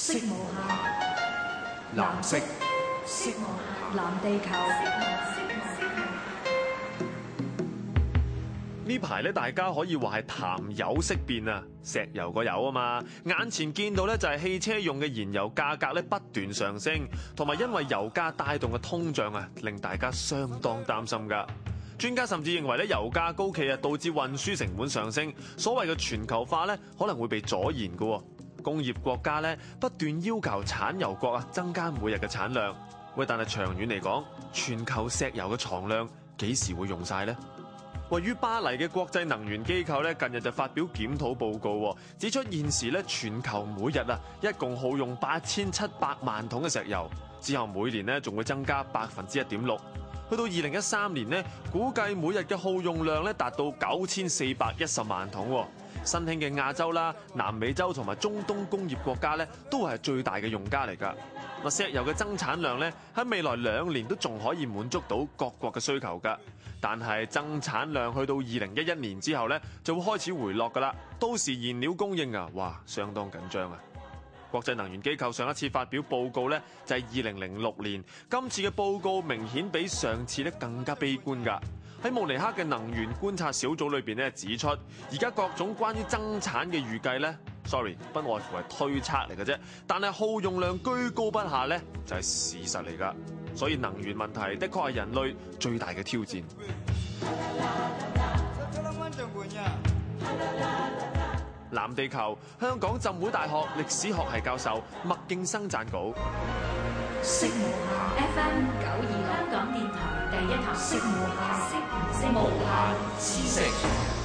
色無限，藍色，藍，色色無限藍地球。呢排咧，大家可以話係談油色變啊！石油個油啊嘛，眼前見到咧就係汽車用嘅燃油價格咧不斷上升，同埋因為油價帶動嘅通脹啊，令大家相當擔心噶。Okay. 專家甚至認為咧，油價高企啊，導致運輸成本上升，所謂嘅全球化咧可能會被阻延嘅。工業國家咧不斷要求產油國啊增加每日嘅產量，喂！但係長遠嚟講，全球石油嘅藏量幾時會用晒呢？位於巴黎嘅國際能源機構咧近日就發表檢討報告，指出現時咧全球每日啊一共耗用八千七百萬桶嘅石油，之後每年咧仲會增加百分之一點六，去到二零一三年咧，估計每日嘅耗用量咧達到九千四百一十萬桶。新興嘅亞洲啦、南美洲同埋中東工業國家咧，都係最大嘅用家嚟噶。石油嘅增產量咧，喺未來兩年都仲可以滿足到各國嘅需求噶。但係增產量去到二零一一年之後咧，就會開始回落噶啦，到時燃料供應啊，哇，相當緊張啊！國際能源機構上一次發表報告咧，就係二零零六年，今次嘅報告明顯比上次咧更加悲觀噶。喺慕尼黑嘅能源觀察小組裏邊咧指出，而家各種關於增產嘅預計咧，sorry，不外乎係推測嚟嘅啫，但係耗用量居高不下咧就係、是、事實嚟噶，所以能源問題的確係人類最大嘅挑戰。藍地球，香港浸會大學歷史學系教授麥勁生撰稿。FM 92香港電台第一台，識無限，識無限，知識。